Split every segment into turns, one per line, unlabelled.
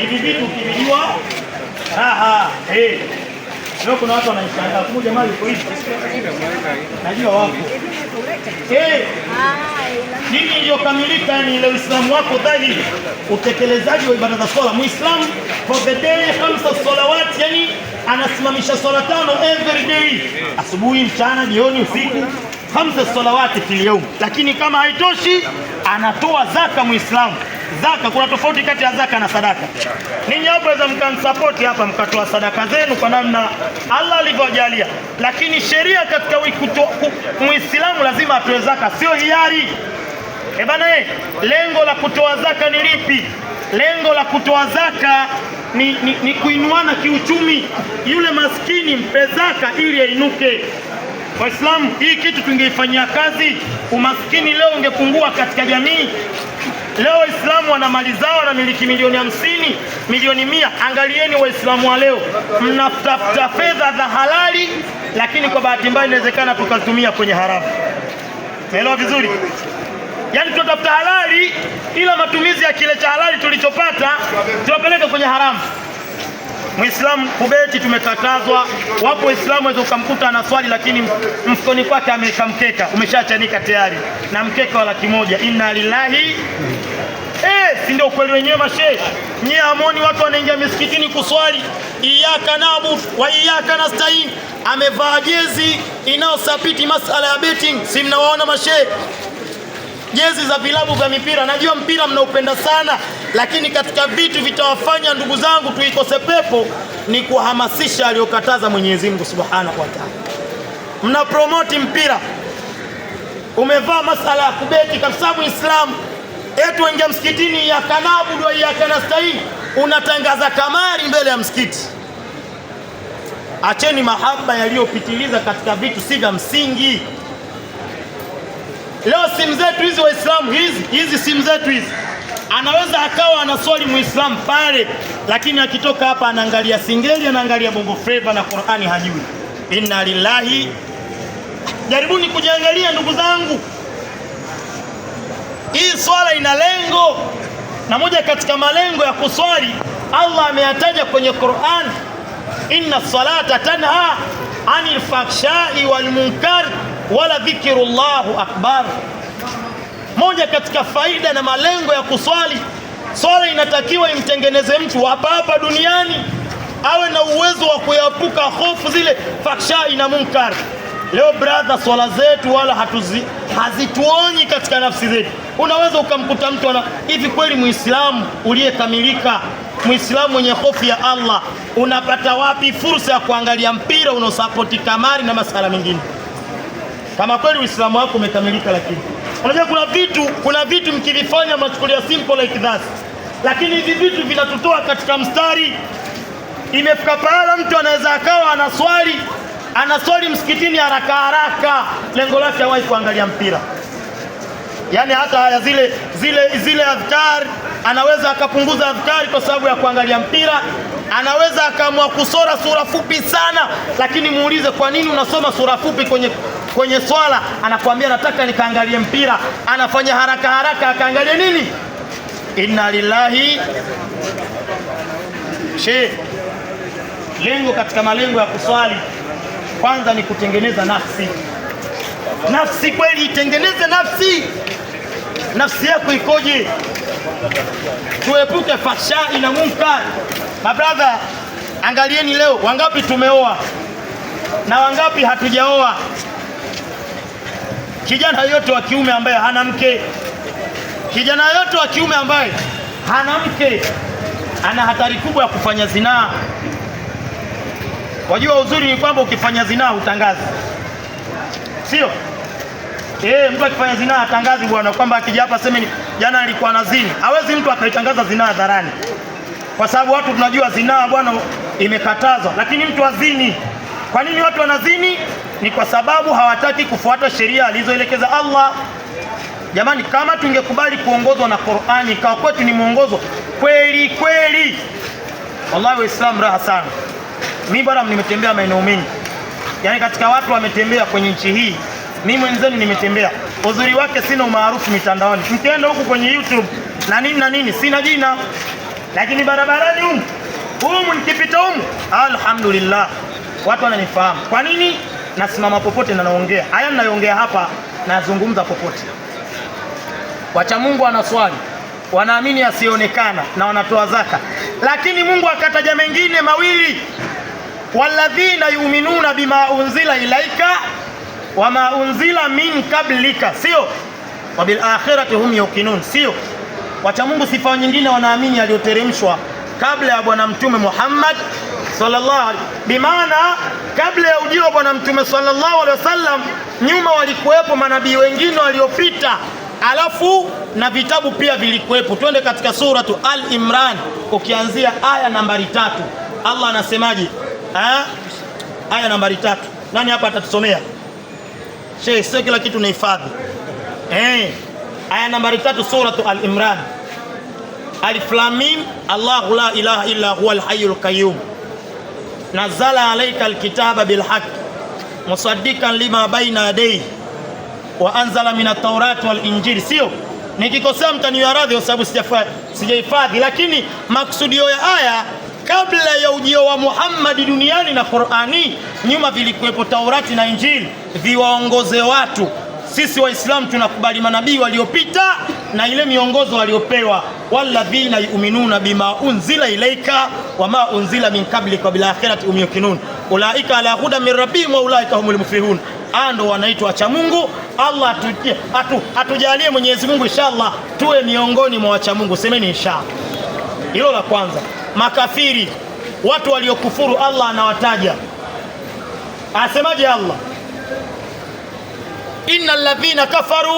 hivi vitu ukivijua raha. Eh. Leo kuna watu wananishangaa, kuna jamaa yuko hivi, najua wako dini eh. iliyokamilika ni ile Uislamu wako dhahiri, utekelezaji wa ibada za swala. Muislamu for the day hamsa salawat, yani anasimamisha swala tano every day, asubuhi, mchana, jioni, usiku, hamsa salawati fil yawm. Lakini kama haitoshi, anatoa zaka Muislamu zaka, kuna tofauti kati ya zaka na sadaka. Ninyi hapo waweza mkanisapoti hapa mkatoa sadaka zenu kwa namna Allah alivyojalia, lakini sheria katika Muislamu lazima atoe zaka, sio hiari. E bana, eh, lengo la kutoa zaka ni lipi? Lengo la kutoa zaka ni, ni, ni kuinuana kiuchumi. Yule maskini mpe zaka ili ainuke. Waislamu, hii kitu tungeifanyia kazi, umaskini leo ungepungua katika jamii. Leo Waislamu wana mali zao, wanamiliki milioni hamsini, milioni mia. Angalieni Waislamu wa leo, mnatafuta fedha za halali, lakini kwa bahati mbaya inawezekana tukazitumia kwenye haramu. Naelewa vizuri? Yaani tunatafuta halali, ila matumizi ya kile cha halali tulichopata tunapeleka kwenye haramu. Muislamu kubeti tumekatazwa. Wapo Waislamu waweza ukamkuta ana swali, lakini mfukoni kwake ameweka mkeka umeshachanika tayari, na mkeka wa laki moja. Inna lillahi Eh, si ndio ukweli wenyewe mashehe. Nyie amoni watu wanaingia misikitini kuswali, iyyaka nabu wa iyyaka nasta'in. Amevaa jezi inayosapiti masala ya betting, si mnawaona mashehe? Jezi za vilabu vya mipira, najua mpira mnaupenda sana, lakini katika vitu vitawafanya ndugu zangu tuikose pepo ni kuhamasisha aliyokataza Mwenyezi Mungu Subhanahu wa Ta'ala. Mnapromoti mpira, umevaa masala ya kubeti kabisa, Muislamu etu wengia msikitini ya kanastai, unatangaza kamari mbele ya msikiti. Acheni mahaba yaliyopitiliza katika vitu si vya msingi. Leo simu zetu hizi Waislamu, hizi hizi simu zetu hizi, anaweza akawa anaswali muislamu pale, lakini akitoka hapa anaangalia singeli, anaangalia bongo fleva na Qur'ani hajui. Inna lillahi. Jaribuni kujiangalia ndugu zangu. Hii swala ina lengo, na moja katika malengo ya kuswali Allah ameyataja kwenye Qur'an, inna salata tanha anil fahshai wal munkar wala dhikrullahu akbar. Moja katika faida na malengo ya kuswali, swala inatakiwa imtengeneze mtu hapa hapa duniani awe na uwezo wa kuyapuka hofu zile fahshai na munkar. Leo brother, swala zetu wala hatuzi hazituonyi katika nafsi zetu Unaweza ukamkuta mtu ana hivi. Kweli Muislamu uliyekamilika, Muislamu mwenye hofu ya Allah, unapata wapi fursa ya kuangalia mpira unaosapoti kamari na masala mengine? Kama kweli Uislamu wako umekamilika, lakini unajua kuna vitu, kuna vitu mkivifanya mnachukulia simple like that, lakini hivi vitu vinatutoa katika mstari. Imefika pahala mtu anaweza akawa anaswali anaswali msikitini haraka haraka, lengo lake hawahi kuangalia mpira yani hata haya zile zile zile adhkari, anaweza akapunguza adhkari kwa sababu ya kuangalia mpira, anaweza akaamua kusora sura fupi sana, lakini muulize, kwa nini unasoma sura fupi kwenye kwenye swala? Anakuambia nataka nikaangalie mpira, anafanya haraka haraka akaangalie nini? Inna lillahi she. Lengo katika malengo ya kuswali kwanza ni kutengeneza nafsi nafsi kweli, itengeneze nafsi nafsi yako ikoje? Tuepuke fahshai na munkar. Mabradha, angalieni leo wangapi tumeoa na wangapi hatujaoa. Kijana yote wa kiume ambaye hana mke, kijana yote wa kiume ambaye hana mke ana hatari kubwa ya kufanya zinaa. Wajua uzuri ni kwamba ukifanya zinaa hutangazi, sio? Eh, mtu akifanya zinaa atangazi bwana kwamba akija hapa aseme jana alikuwa na zini. Hawezi mtu akaitangaza zinaa hadharani. Kwa sababu watu tunajua zinaa bwana imekatazwa, lakini mtu azini. Kwa nini watu wanazini? Ni kwa sababu hawataki kufuata sheria alizoelekeza Allah. Jamani, kama tungekubali kuongozwa na Qur'ani ikawa kwetu ni mwongozo kweli kweli, wallahi Waislamu raha sana. Mimi bwana, nimetembea maeneo mengi, yaani katika watu wametembea kwenye nchi hii mimi mwenzenu nimetembea, uzuri wake sina umaarufu mitandaoni, mkienda huku kwenye YouTube na nini na nini, sina jina, lakini barabarani humu humu nikipita humu, alhamdulillah, watu wananifahamu. Kwa nini? Nasimama popote na naongea haya ninayoongea hapa, nazungumza popote. Wacha Mungu anaswali wanaamini asionekana na wanatoa zaka, lakini Mungu akataja mengine mawili, walladhina yuminuna bima unzila ilaika wama unzila min kablika, sio wabil akhirati hum yuqinun, sio wacha Mungu. Sifa nyingine wanaamini aliyoteremshwa kabla ya Bwana Mtume Muhammad sallallahu alaihi bimaana, kabla ya ujio wa Bwana Mtume sallallahu alaihi wasallam, nyuma walikuwepo manabii wengine waliopita, alafu na vitabu pia vilikuwepo. Twende katika suratu Al-Imran ukianzia aya nambari tatu, Allah anasemaje? Aya nambari tatu, nani hapa atatusomea? Sheikh, sio kila kitu ni hifadhi. Eh, aya nambari tatu suratu Al-Imran. Alif Lam Mim, Allahu la ilaha illa huwa al hayyul qayyum. Nazala alayka al-kitaba bil haqq musaddiqan lima bayna yadayhi wa anzala min at tawrati wal injili. Sio nikikosea mtaniwa radhi kwa sababu sijahifadhi, lakini maksudio ya aya kabla ya ujio wa Muhammadi duniani na Qurani, nyuma vilikuwepo Taurati na Injili viwaongoze watu. Sisi Waislamu tunakubali manabii waliopita na ile miongozo waliopewa, walladhina yuminuna bima unzila ilaika wama unzila min qablika bilakhirati hum yuqinun ulaika ala huda min rabbihim wa ulaika humul muflihun. Ando wanaitwa wachamungu. Allah atujalie Mwenyezi Mungu, inshallah tuwe miongoni mwa wachamungu. Semeni inshallah. Hilo la kwanza makafiri, watu waliokufuru. Allah anawataja asemaje? Allah, innal ladhina kafaru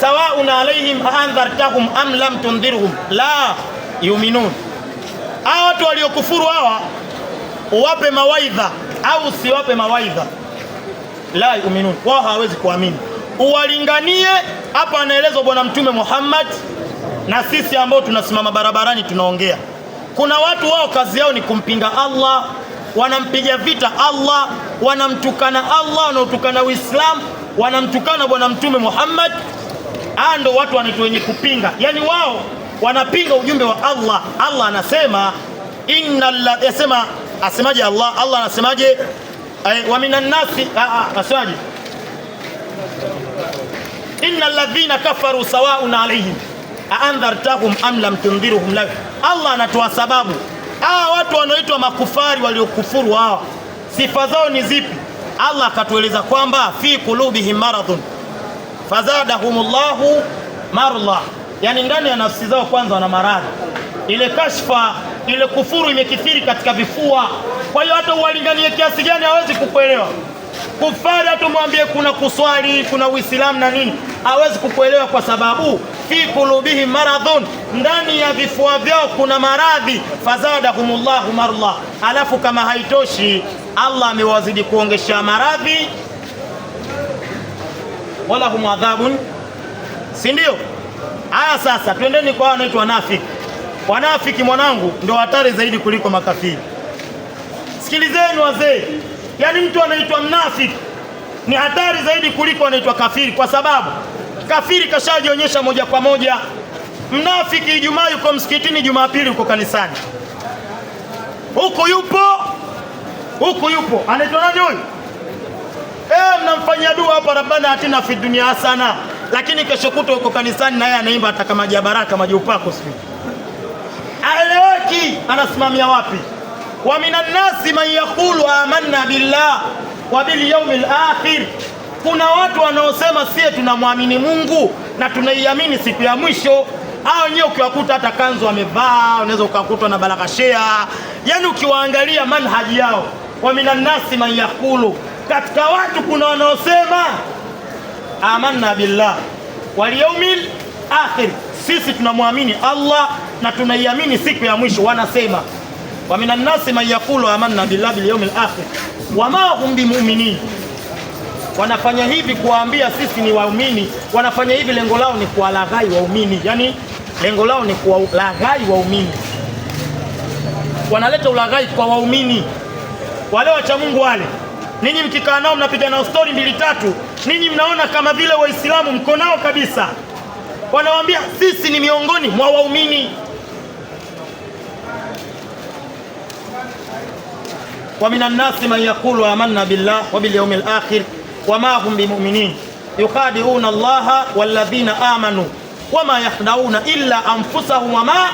sawaun alaihim aandhartahum am lam tundhirhum la yuminun. Hawa watu waliokufuru hawa, uwape mawaidha au usiwape mawaidha, la yuminun, wao hawawezi kuamini. Uwalinganie hapa, anaelezwa Bwana Mtume Muhammad na sisi ambao tunasimama barabarani tunaongea kuna watu wao kazi yao ni kumpinga Allah, wanampiga vita Allah, wanamtukana Allah, wanaotukana Uislamu, wanamtukana Bwana Mtume Muhammad. Aa, ndo watu wanaitwa wenye kupinga, yaani wao wanapinga ujumbe wa Allah. Allah anasema inna, yasema asemaje? Allah Allah anasemaje? Eh, wa minan nasi asemaje? inna alladhina kafaru sawaun alaihim aandhartahum am lam tundhirhum la, Allah anatoa sababu. Hawa watu wanaoitwa makufari waliokufuru hawa, sifa zao ni zipi? Allah akatueleza kwamba fi kulubihim maradhun llahu marla, yani ndani ya nafsi zao kwanza wana maradhi. Ile kashfa ile kufuru imekithiri katika vifua, kwa hiyo hata uwalinganie kiasi gani hawezi kukuelewa. Kufari atumwambie kuna kuswali kuna Uislamu na nini, hawezi kukuelewa kwa sababu fi kulubihi maradhun, ndani ya vifua vyao kuna maradhi. Fazadahumullahu marla, alafu kama haitoshi Allah amewazidi kuongesha maradhi, wala adhabun, si ndio? Haya, sasa twendeni kwa wanaitwa wanafiki. Wanafiki mwanangu, ndio hatari zaidi kuliko makafiri. Sikilizeni wazee Yaani mtu anaitwa mnafiki ni hatari zaidi kuliko anaitwa kafiri, kwa sababu kafiri kashajionyesha moja kwa moja. Mnafiki Ijumaa yuko msikitini, Jumapili uko kanisani, huku yupo huku yupo. Anaitwa nani huyu? Eh, mnamfanyia dua hapa, rabbana atina fi dunia hasana, lakini kesho kuto uko kanisani na yeye anaimba hata kama jabaraka maji upako, aeleweki, anasimamia wapi? wa minan nasi man yaqulu amanna billah wa bil yawmil akhir, kuna watu wanaosema sie tunamwamini Mungu na tunaiamini siku ya mwisho. Hao wenyewe ukiwakuta hata kanzu wamevaa, unaweza ukakutwa na barakashea. yani ukiwaangalia manhaji yao, wa minan nasi man yaqulu, katika watu kuna wanaosema amanna billah wal yawmil akhir, sisi tunamwamini Allah na tunaiamini siku ya mwisho, wanasema wa minan nasi man yaqulu amanna billahi bil yawmil akhir wama hum bimuminin, wanafanya hivi kuwaambia sisi ni waumini. Wanafanya hivi lengo lao ni kuwalaghai waumini, yani lengo lao ni kuwalaghai waumini. Wanaleta ulaghai kwa waumini wale wacha Mungu wale. Ninyi mkikaa nao mnapiga nao stori mbili tatu, ninyi mnaona kama vile Waislamu mko nao kabisa. Wanawaambia sisi ni miongoni mwa waumini. wa minan nasi man yaqulu amanna billah wa bil yawmil akhir wa ma hum bimuminin yukhadi'una allaha walladhina amanu wa ma yakhda'una illa anfusahum wa ma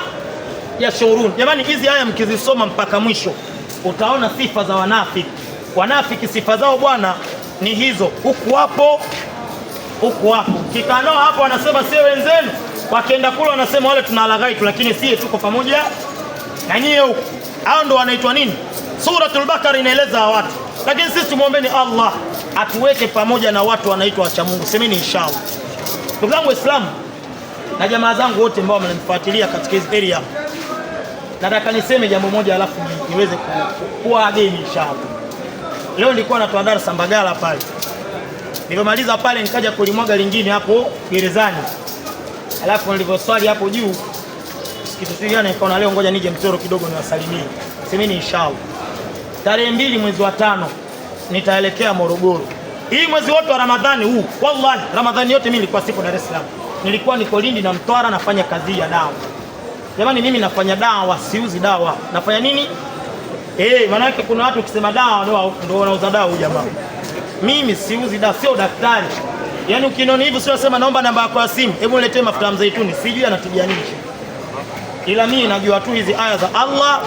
yashurun. Jamani, hizi aya mkizisoma mpaka mwisho utaona sifa za wanafiki. Wanafiki sifa zao bwana ni hizo, huku wapo huku wapo, kikanao hapo wanasema sie wenzenu, wakienda kule wanasema wale tuna tu, lakini sie tuko pamoja na nyie huku. Hao ndo wanaitwa nini? Suratul Bakara inaeleza watu, lakini sisi tumwombeni Allah atuweke pamoja na watu wanaitwa wachamungu. Semeni inshallah. Ndugu zangu Waislamu na jamaa zangu wote ambao wamenifuatilia katika hizi area, nataka niseme jambo moja alafu niweze kuwa ageni inshallah. Leo nilikuwa natoa darasa Mbagala pale, nilipomaliza pale nikaja kulimwaga lingine hapo gerezani, alafu nilivyoswali hapo juu kitu gani, nikaona leo ngoja nije Mtoro kidogo niwasalimie. Semeni inshallah tarehe mbili mwezi wa tano nitaelekea Morogoro. Hii mwezi wote wa Ramadhani huu, wallahi Ramadhani yote mimi nilikuwa siko Dar es Salaam, nilikuwa niko Lindi na Mtwara nafanya kazi ya dawa. Jamani, mimi nafanya dawa, siuzi dawa. Nafanya nini? Eh, maanake kuna watu ukisema dawa ndio wanauza dawa huyu jamaa. Mimi siuzi dawa, sio daktari. Yaani ukinoni hivi sio sema naomba namba yako ya simu, hebu niletee mafuta ya mzeituni, sijui anatibia nini. Ila mimi najua tu hizi aya za Allah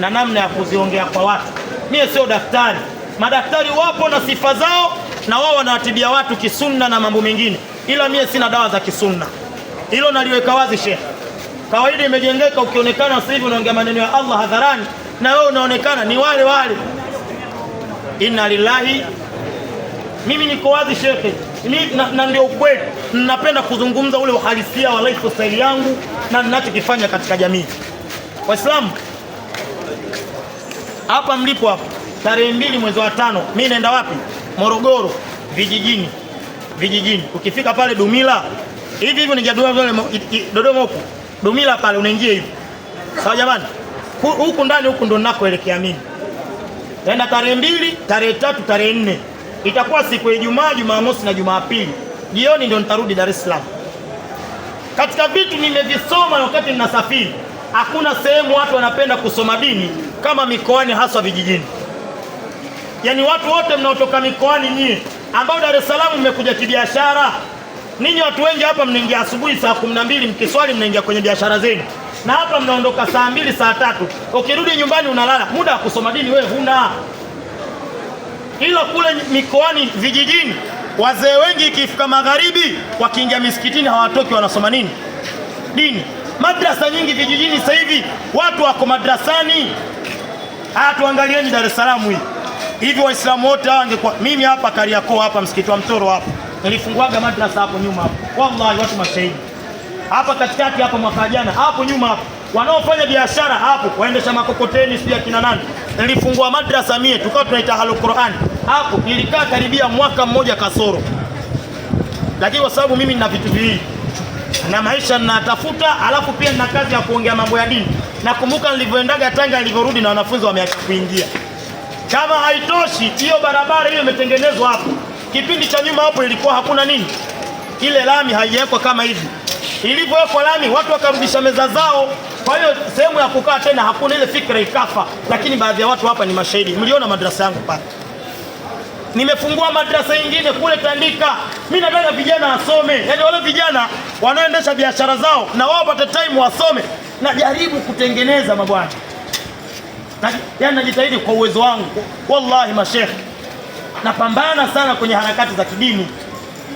na namna ya kuziongea kwa watu mie sio daktari. Madaktari wapo na sifa zao, na wao wanawatibia watu kisunna na mambo mengine, ila mie sina dawa za kisunna. Hilo naliweka wazi, shekhe Kawaida imejengeka, ukionekana sasa hivi unaongea maneno ya Allah hadharani, na wewe unaonekana ni wale wale. Inna lillahi, mimi niko wazi shekhe na, na ndio ukweli. Ninapenda kuzungumza ule uhalisia wa lifestyle yangu na ninachokifanya katika jamii. Waislamu hapa mlipo hapa tarehe mbili mwezi wa tano, mimi naenda wapi? Morogoro vijijini, vijijini. Ukifika pale Dumila hivi hivi, nijadua vile Dodoma huko Dumila pale unaingia hivi, sawa jamani? Huku ndani huku ndo ninakoelekea mimi, naenda tarehe mbili, tarehe tatu, tarehe nne, itakuwa siku ya Ijumaa, Jumamosi na Jumapili jioni ndio nitarudi Dar es Salaam. Katika vitu nimevisoma wakati ninasafiri, hakuna sehemu watu wanapenda kusoma dini kama mikoani, haswa vijijini. Yaani watu wote mnaotoka mikoani nyinyi ambao Dar es Salaam mmekuja kibiashara, ninyi watu wengi hapa mnaingia asubuhi saa kumi na mbili mkiswali mnaingia kwenye biashara zenu, na hapa mnaondoka saa mbili saa tatu, ukirudi nyumbani unalala. Muda wa kusoma dini wewe huna, ila kule mikoani vijijini wazee wengi ikifika magharibi, wakiingia misikitini hawatoki, wanasoma nini? Dini. Madrasa nyingi vijijini sasa hivi watu wako madrasani Haya, tuangalieni Dar es Salaam hii hivi, Waislamu wote hawa angekuwa mimi hapa Kariakoo hapa msikiti wa Mtoro hapa. nilifunguaga madrasa hapo nyuma hapo, wallahi watu mashahidi hapa katikati hapo mwaka jana hapo nyuma hapo, wanaofanya biashara hapo, waendesha makokoteni sio kina nani, nilifungua madrasa mie, tukao tunaita Halul Qur'an hapo, nilikaa karibia mwaka mmoja kasoro, lakini kwa sababu mimi nina vitu viwili na maisha ninatafuta, alafu pia nina kazi ya kuongea mambo ya dini Nakumbuka nilivyoendaga Tanga, nilivyorudi na wanafunzi wameacha kuingia. Kama haitoshi, hiyo barabara hiyo imetengenezwa hapo. Kipindi cha nyuma hapo ilikuwa hakuna nini, ile lami haijawekwa kama hivi ilivyowekwa lami, watu wakarudisha meza zao. Kwa hiyo sehemu ya kukaa tena hakuna, ile fikra ikafa. Lakini baadhi ya watu hapa ni mashahidi, mliona madrasa yangu pale nimefungua madrasa nyingine kule Tandika. Mimi nataka vijana wasome, yaani wale vijana wanaoendesha biashara zao na wao wapate time wasome. Najaribu kutengeneza mabwana, yaani najitahidi kwa uwezo wangu, wallahi mashekhe, napambana sana kwenye harakati za kidini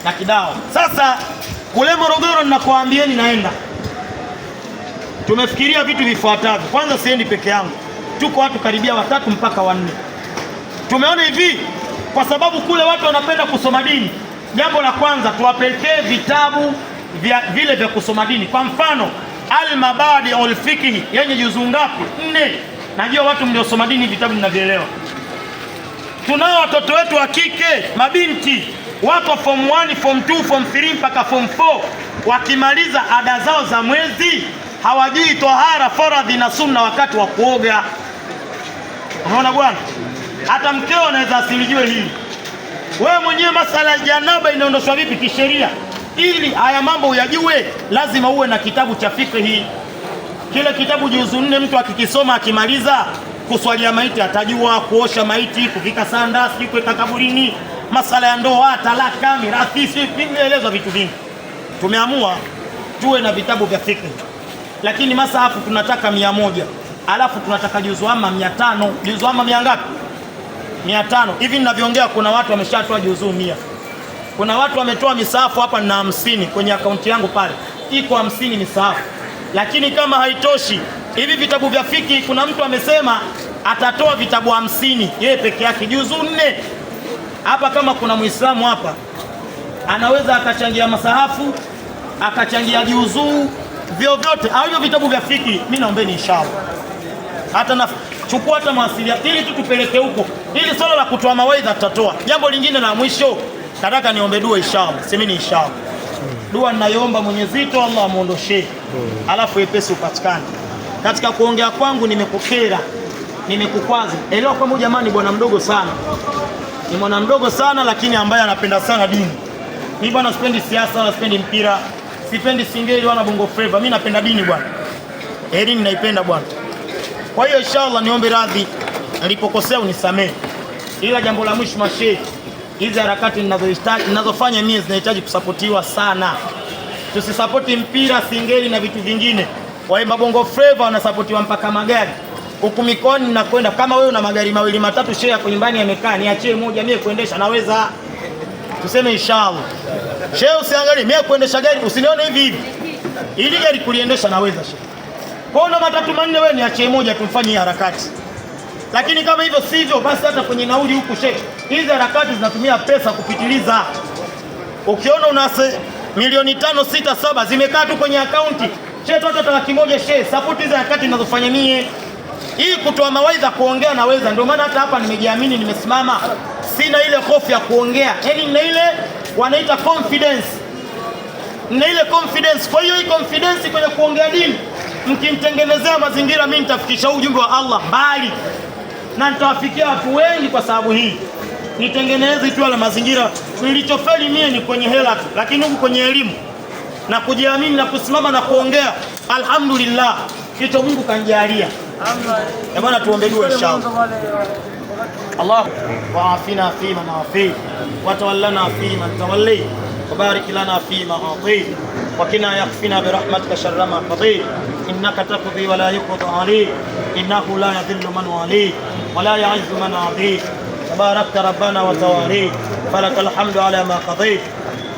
na kidao. Sasa kule Morogoro ninakwambieni, naenda, tumefikiria vitu vifuatavyo. Kwanza, siendi peke yangu, tuko watu karibia watatu mpaka wanne. Tumeona hivi kwa sababu kule watu wanapenda kusoma dini. Jambo la kwanza tuwapelekee vitabu vya, vile vya kusoma dini. Kwa mfano Al-Mabadiul Fiqh yenye juzu ngapi? Nne. Najua watu mliosoma dini vitabu mnavyoelewa Tunao watoto wetu wa kike mabinti wako form 1, form 2, form 3 mpaka form 4, wakimaliza ada zao za mwezi hawajui tohara, faradhi na sunna wakati wa kuoga. Unaona bwana? hata mkeo anaweza asilijue hili. Wewe mwenyewe masala ya janaba inaondoshwa vipi kisheria? Ili haya mambo uyajue, lazima uwe na kitabu cha hii. Kile kitabu juzu nne, mtu akikisoma akimaliza, kuswalia maiti atajua, kuosha maiti, kuvika sanda, sijui kuweka kaburini, masala ya ndoa, talaka, mirathi, vimeelezwa vitu vingi. Tumeamua tuwe na vitabu vya fikri lakini masahafu tunataka mia moja alafu tunataka juzu ama mia tano juzu ama mia ngapi? mia tano hivi ninavyoongea, kuna watu wameshatoa juzuu mia. Kuna watu wametoa misaafu hapa na hamsini kwenye akaunti yangu pale iko hamsini misaafu. Lakini kama haitoshi, hivi vitabu vya fiki, kuna mtu amesema atatoa vitabu hamsini yeye peke yake, juzuu nne. Hapa kama kuna Muislamu hapa anaweza akachangia masahafu akachangia juzuu vyovyote, au hivyo vitabu vya fiki, mimi naombeni inshallah hata na chukua hata mawasilia ili tu tupeleke huko, ili swala la kutoa mawaidha tutatoa. Jambo lingine la mwisho, nataka niombe dua inshallah, semeni inshallah. Dua ninayoomba Mwenyezi Allah amuondoshee, alafu epesi upatikane. Katika kuongea kwangu nimekukera, nimekukwaza. Elewa kwamba jamani, bwana mdogo sana, ni mwana mdogo sana, lakini ambaye anapenda sana dini. Mimi bwana, sipendi siasa wala sipendi mpira, sipendi singeli wala bongo flava. Mimi napenda dini bwana, eh, dini naipenda bwana kwa hiyo inshallah, niombe radhi nilipokosea, unisamehe, ila jambo la mwisho mashehe, hizi harakati ninazofanya mie zinahitaji kusapotiwa sana. Tusisapoti mpira, singeli na vitu vingine. Kwa hiyo Bongo Flava wanasapotiwa mpaka magari huku mikoani nakwenda. Kama wewe una magari mawili matatu, shehe yako nyumbani yamekaa, niachie moja mie kuendesha, naweza tuseme inshallah. Shehe usiangalie mie kuendesha gari, usinione hivi hivi, ili gari kuliendesha naweza shehe Mbona matatu manne wewe niachie moja tumfanyie harakati. Lakini kama hivyo sivyo, basi hata kwenye nauli huku shekhe, hizi harakati zinatumia pesa kupitiliza. Ukiona una milioni tano sita saba zimekaa tu kwenye akaunti shehe, hata laki moja shehe, sapoti hizi harakati ninazofanya mie hii kutoa mawaidha, kuongea naweza. Ndio maana hata hapa nimejiamini, nimesimama, sina ile hofu ya kuongea, yaani nina ile wanaita confidence, nina ile confidence. Kwa hiyo hii confidence kwenye kuongea dini mkimtengenezea mazingira, mimi nitafikisha ujumbe wa Allah mbali na nitawafikia watu wengi kwa sababu hii. Nitengeneze tu la mazingira. Nilichofeli mie ni kwenye hela tu, lakini huku kwenye elimu na kujiamini na kusimama na kuongea, alhamdulillah, kicho Mungu kanjalia. Bwana, tuombe dua inshallah. Allah waafina fi man afii watawallana fi man وبارك لنا فيما أعطيت وقنا يخفنا برحمتك شر ما قضيت إنك تقضي ولا يقضى عليك إنه لا يذل من واليك ولا يعز من عاديك تباركت ربنا وتواليك فلك الحمد على ما قضيت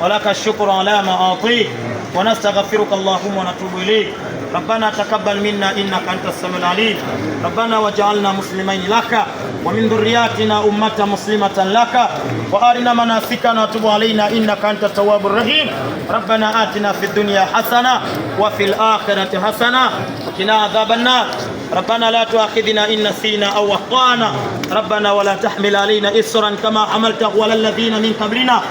ولك الشكر على ما أعطيت ونستغفرك اللهم ونتوب إليك Rabbana taqabbal minna innaka antas samiul alim Rabbana waj'alna muslimaini laka wa min dhurriyyatina ummatan muslimatan laka wa arina manasikana wa tub alaina innaka antat tawwabur rahim Rabbana atina fid dunya hasana wa fil akhirati hasana wa qina adhaban nar ربنا لا تؤاخذنا إن نسينا أو أخطأنا ربنا ولا تحمل علينا إسرا كما حملته على الذين من قبلنا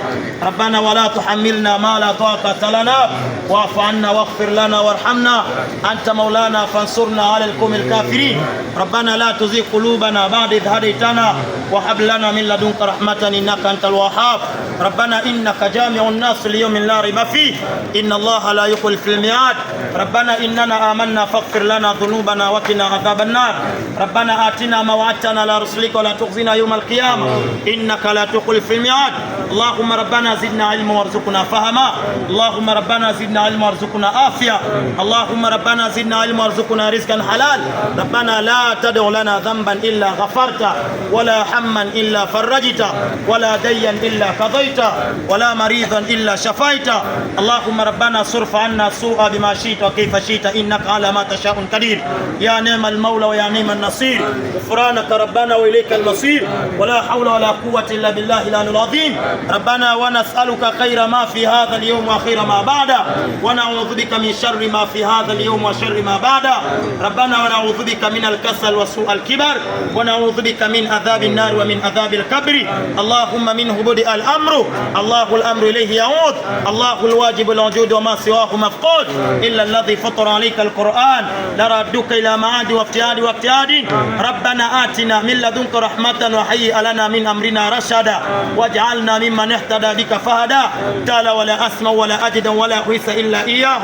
ربنا ولا تحملنا ما لا طاقة لنا واعف عنا واغفر لنا وارحمنا أنت مولانا فانصرنا على القوم الكافرين ربنا لا تزغ قلوبنا بعد إذ هديتنا وهب لنا من لدنك رحمة إنك أنت الوهاب ربنا إنك جامع الناس ليوم لا ريب فيه إن الله لا يخلف الميعاد ربنا إننا آمنا فاغفر لنا ذنوبنا وقنا عذاب النار ربنا آتنا ما وعدتنا على رسلك ولا تخزنا يوم القيامة إنك لا تخلف الميعاد اللهم ربنا زدنا علما وارزقنا فهما اللهم ربنا زدنا علما وارزقنا عافيه اللهم ربنا زدنا علما وارزقنا رزقا حلال ربنا لا تدع لنا ذنبا الا غفرته ولا هما الا فرجته ولا ديا الا قضيته ولا مريضا الا شفيته اللهم ربنا صرف عنا السوء بما شئت وكيف شئت انك على ما تشاء قدير يا نعم المولى ويا نعم النصير غفرانك ربنا واليك المصير ولا حول ولا قوه الا بالله العلي العظيم rabbana wa nas'aluka khaira ma fi hadha al-yawm wa khaira ma ba'da wa na'udhu bika min sharri ma fi hadha al-yawm wa sharri ma ba'da rabbana wa na'udhu bika min al-kasal wa su' al-kibar wa na'udhu bika min adhab nar wa min adhab qabr allahumma min hubudi al-amru allahu al-amru ilayhi ya'ud allahu al-wajib al-wujud wa ma siwahu mafqud illa alladhi fatara alayka al-quran la ila ma'adi wa iftiyadi wa iftiyadi rabbana atina min ladunka rahmatan wa hayyi lana min amrina rashada waj'alna min ممن اهتدى بك فهدى تعالى ولا أسمع ولا أجد ولا أحيث إلا إياه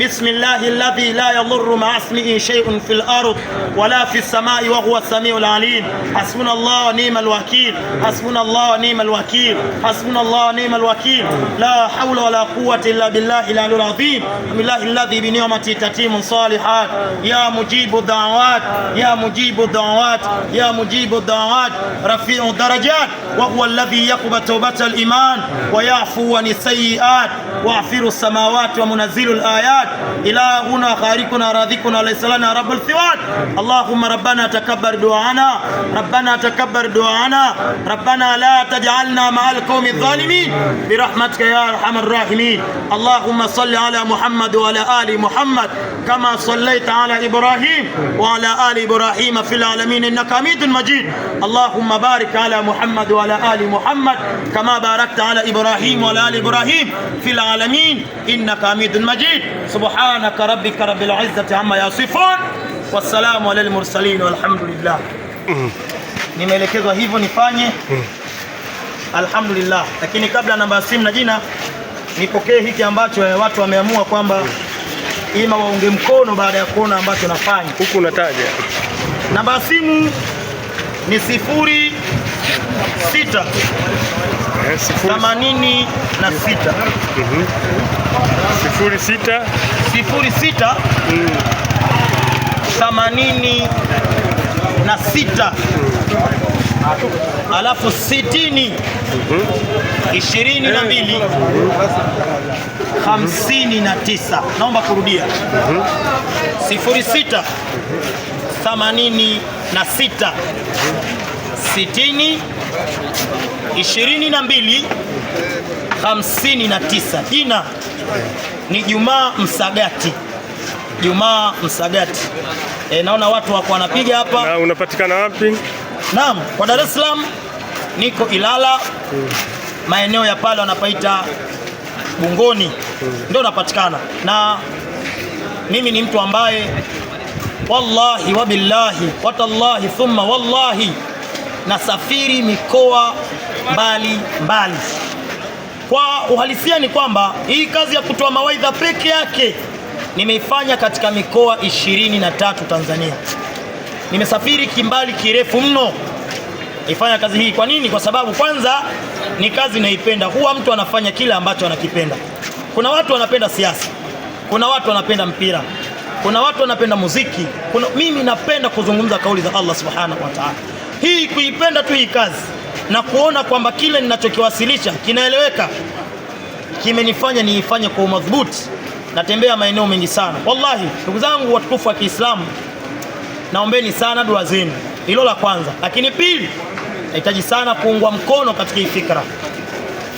بسم الله الذي لا يضر مع اسمه شيء في الأرض ولا في السماء وهو السميع العليم حسبنا الله ونعم الوكيل حسبنا الله ونعم الوكيل حسبنا الله ونعم الوكيل لا حول ولا قوة إلا بالله العلي العظيم بالله الذي بنعمته تتيم صالحات يا مجيب الدعوات يا مجيب الدعوات يا مجيب الدعوات رفيع الدرجات وهو الذي يقبل توبته الإيمان ويعفو عن السيئات وعفر السماوات ومنزل الآيات إلهنا خارقنا راضيكنا ليس لنا رب الثوات اللهم ربنا تكبر دعانا ربنا تكبر دعانا ربنا لا تجعلنا مع القوم الظالمين برحمتك يا أرحم الراحمين اللهم صل على محمد وعلى آل محمد كما صليت على إبراهيم وعلى آل إبراهيم في العالمين إنك حميد مجيد اللهم بارك على محمد وعلى آل محمد كما kama barakta ala Ibrahim wa ala Ibrahim fil alamin innaka hamidun majid subhanaka rabbika rabbil izzati amma yasifun wassalamu ala al mursalin walhamdulillah. Nimeelekezwa hivyo nifanye alhamdulillah, lakini kabla namba ya simu na jina nipokee hiki ambacho watu wameamua kwamba ima waunge mkono baada ya kuona ambacho nafanya
huku. Nataja
namba ya simu ni sifuri sita themanini na sita
sifuri sita
sifuri sita themanini na sita alafu sitini ishirini na mbili hamsini na tisa. Naomba kurudia sifuri sita themanini na sita sitini na tisa Jina ni Jumaa Msagati, Jumaa Msagati. E, naona watu wako wanapiga hapa. Na
unapatikana wapi?
Naam, kwa Dar es Salaam niko Ilala hmm. maeneo ya pale wanapaita Bungoni hmm. ndio napatikana, na mimi ni mtu ambaye wallahi wabillahi watallahi thumma wallahi nasafiri mikoa mbali mbali. Kwa uhalisia ni kwamba hii kazi ya kutoa mawaidha peke yake nimeifanya katika mikoa 23 Tanzania. Nimesafiri kimbali kirefu mno ifanya kazi hii. Kwa nini? Kwa sababu kwanza ni kazi naipenda. Huwa mtu anafanya kile ambacho anakipenda. Kuna watu wanapenda siasa, kuna watu wanapenda mpira, kuna watu wanapenda muziki, kuna... mimi napenda kuzungumza kauli za Allah subhanahu wa ta'ala. Hii kuipenda tu hii kazi na kuona kwamba kile ninachokiwasilisha kinaeleweka kimenifanya niifanye kwa umadhubuti. Natembea maeneo mengi sana. Wallahi, ndugu zangu watukufu wa Kiislamu, naombeni sana dua zenu, hilo la kwanza. Lakini pili, nahitaji sana kuungwa mkono katika hii fikra,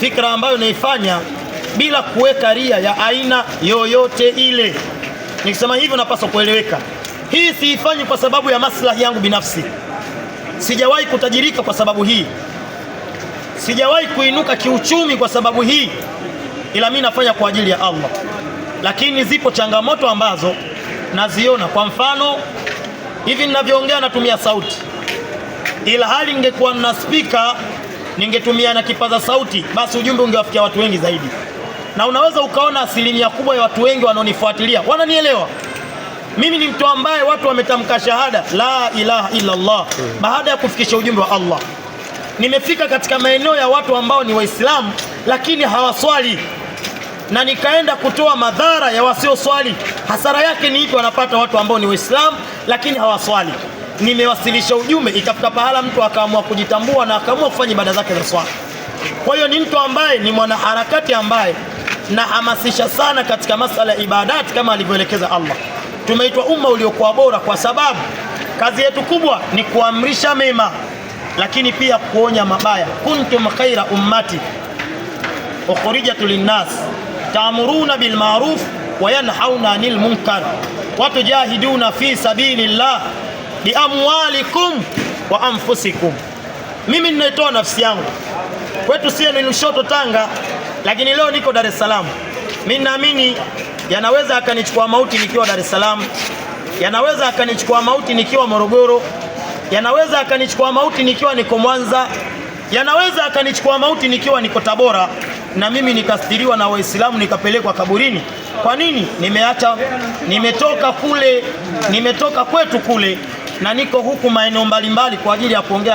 fikra ambayo naifanya bila kuweka ria ya aina yoyote ile. Nikisema hivyo, napaswa kueleweka. Hii siifanyi kwa sababu ya maslahi yangu binafsi, sijawahi kutajirika kwa sababu hii sijawahi kuinuka kiuchumi kwa sababu hii, ila mimi nafanya kwa ajili ya Allah. Lakini zipo changamoto ambazo naziona. Kwa mfano, hivi ninavyoongea natumia sauti, ila hali ningekuwa na spika ningetumia na kipaza sauti, basi ujumbe ungewafikia watu wengi zaidi, na unaweza ukaona asilimia kubwa ya watu wengi wanaonifuatilia wananielewa mimi ni mtu ambaye watu wametamka shahada la ilaha illa Allah baada ya kufikisha ujumbe wa Allah nimefika katika maeneo ya watu ambao ni Waislamu lakini hawaswali, na nikaenda kutoa madhara ya wasioswali. Hasara yake ni ipi? Wanapata watu ambao ni Waislamu lakini hawaswali. Nimewasilisha ujumbe, ikafika pahala mtu akaamua kujitambua na akaamua kufanya ibada zake za swala. Kwa hiyo ni mtu ambaye ni mwanaharakati ambaye nahamasisha sana katika masala ya ibadati kama alivyoelekeza Allah. Tumeitwa umma uliokuwa bora kwa sababu kazi yetu kubwa ni kuamrisha mema lakini pia kuonya mabaya. kuntum khaira ummati ukhrijatu linnas taamuruna bil ma'ruf wa yanhauna 'anil munkar wa tujahiduna fi sabilillah bi amwalikum wa anfusikum. Mimi ninaitoa nafsi yangu kwetu sie ni Lushoto, Tanga, lakini leo niko Dar es Salaam. Mimi naamini yanaweza akanichukua mauti nikiwa Dar es Salaam, yanaweza akanichukua mauti nikiwa Morogoro yanaweza akanichukua mauti nikiwa niko Mwanza, yanaweza akanichukua mauti nikiwa niko Tabora, na mimi nikastiriwa na Waislamu nikapelekwa kaburini. Kwa nini? Nimeacha, nimetoka kule, nimetoka kwetu kule, na niko huku maeneo mbalimbali kwa ajili ya kuongea.